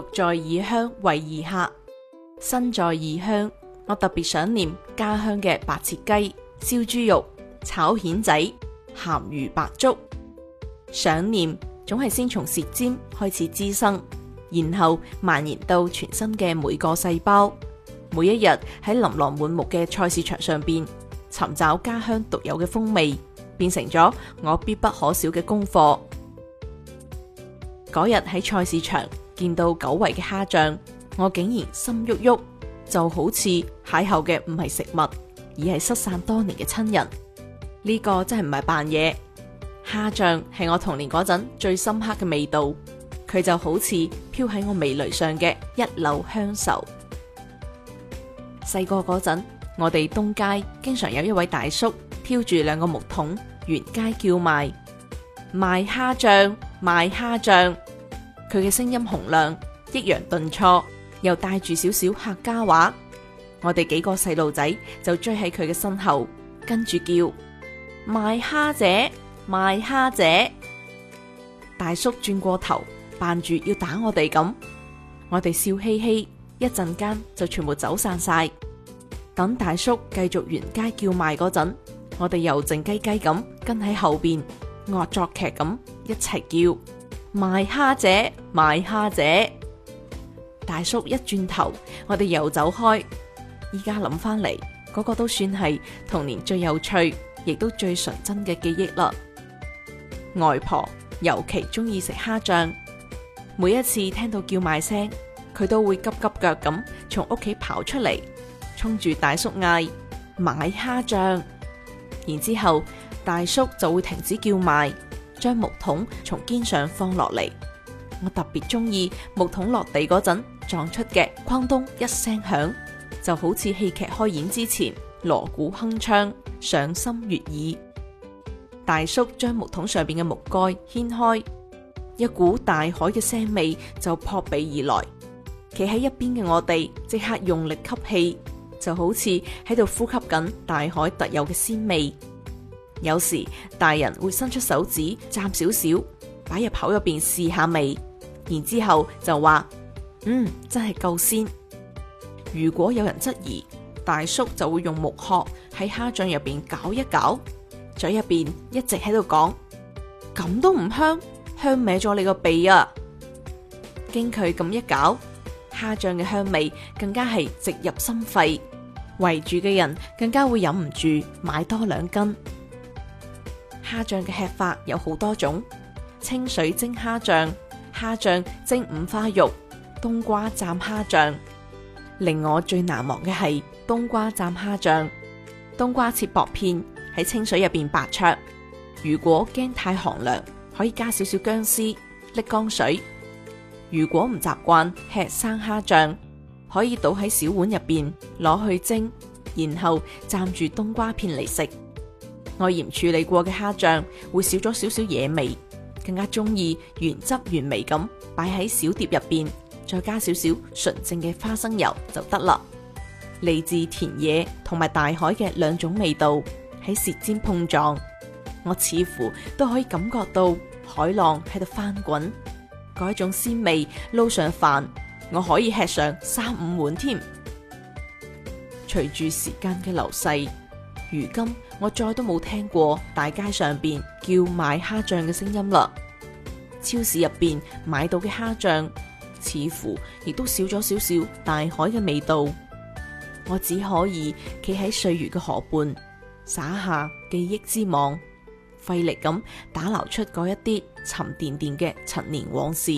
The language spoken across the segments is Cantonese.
獨在異鄉為異客，身在異鄉，我特別想念家鄉嘅白切雞、燒豬肉、炒蜆仔、鹹魚白粥。想念總係先從舌尖開始滋生，然後蔓延到全身嘅每個細胞。每一日喺琳琅滿目嘅菜市場上邊尋找家鄉獨有嘅風味，變成咗我必不可少嘅功課。嗰日喺菜市場，見到久違嘅蝦醬，我竟然心郁郁，就好似邂逅嘅唔係食物，而係失散多年嘅親人。呢、這個真係唔係扮嘢，蝦醬係我童年嗰陣最深刻嘅味道，佢就好似飄喺我味蕾上嘅一縷鄉愁。細個嗰陣，我哋東街經常有一位大叔挑住兩個木桶沿街叫賣，賣蝦醬，賣蝦醬。佢嘅聲音洪亮，抑揚頓挫，又帶住少少客家話。我哋幾個細路仔就追喺佢嘅身後，跟住叫：賣蝦姐，賣蝦姐。大叔轉過頭，扮住要打我哋咁，我哋笑嘻嘻，一陣間就全部走散晒。等大叔繼續沿街叫賣嗰陣，我哋又靜雞雞咁跟喺後邊，惡作劇咁一齊叫。賣瞎姐，賣瞎姐，大叔一轉頭，我哋又走開。依家諗返嚟，嗰個都算係童年最有趣，亦都最純真嘅記憶啦。外婆尤其中意食蝦醬，每一次聽到叫賣聲，佢都會急急腳咁從屋企跑出嚟，衝住大叔嗌買蝦醬，然之後大叔就會停止叫賣。將木桶從肩上放落嚟，我特別中意木桶落地嗰陣撞出嘅哐咚一聲響，就好似戲劇開演之前鑼鼓鏗鏘，賞心悅耳。大叔將木桶上邊嘅木蓋掀開，一股大海嘅腥味就撲鼻而來。企喺一邊嘅我哋即刻用力吸氣，就好似喺度呼吸緊大海特有嘅鮮味。有時大人會伸出手指蘸少少，擺入口入邊試下味，然之後就話：嗯，真係夠鮮。如果有人質疑，大叔就會用木勺喺蝦醬入邊攪一攪，嘴入邊一直喺度講：咁都唔香，香歪咗你個鼻啊！經佢咁一攪，蝦醬嘅香味更加係直入心肺，圍住嘅人更加會忍唔住買多兩斤。蝦醬嘅吃法有好多種，清水蒸蝦醬、蝦醬蒸五花肉、冬瓜蘸蝦醬。令我最難忘嘅係冬瓜蘸蝦醬。冬瓜切薄片，喺清水入邊白灼，如果驚太寒涼，可以加少少薑絲瀝乾水。如果唔習慣吃生蝦醬，可以倒喺小碗入邊攞去蒸，然後蘸住冬瓜片嚟食。我嫌處理過嘅蝦醬會少咗少少野味，更加中意原汁原味咁擺喺小碟入邊，再加少少純正嘅花生油就得啦。嚟自田野同埋大海嘅兩種味道喺舌尖碰撞，我似乎都可以感覺到海浪喺度翻滾，嗰一種鮮味撈上飯，我可以吃上三五碗添。隨住時間嘅流逝，如今。我再都冇聽過大街上邊叫賣蝦醬嘅聲音啦。超市入邊買到嘅蝦醬，似乎亦都少咗少少大海嘅味道。我只可以企喺歲月嘅河畔，撒下記憶之網，費力咁打撈出嗰一啲沉甸甸嘅陳年往事，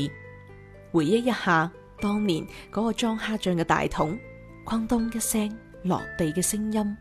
回憶一下當年嗰個裝蝦醬嘅大桶，咣咚一聲落地嘅聲音。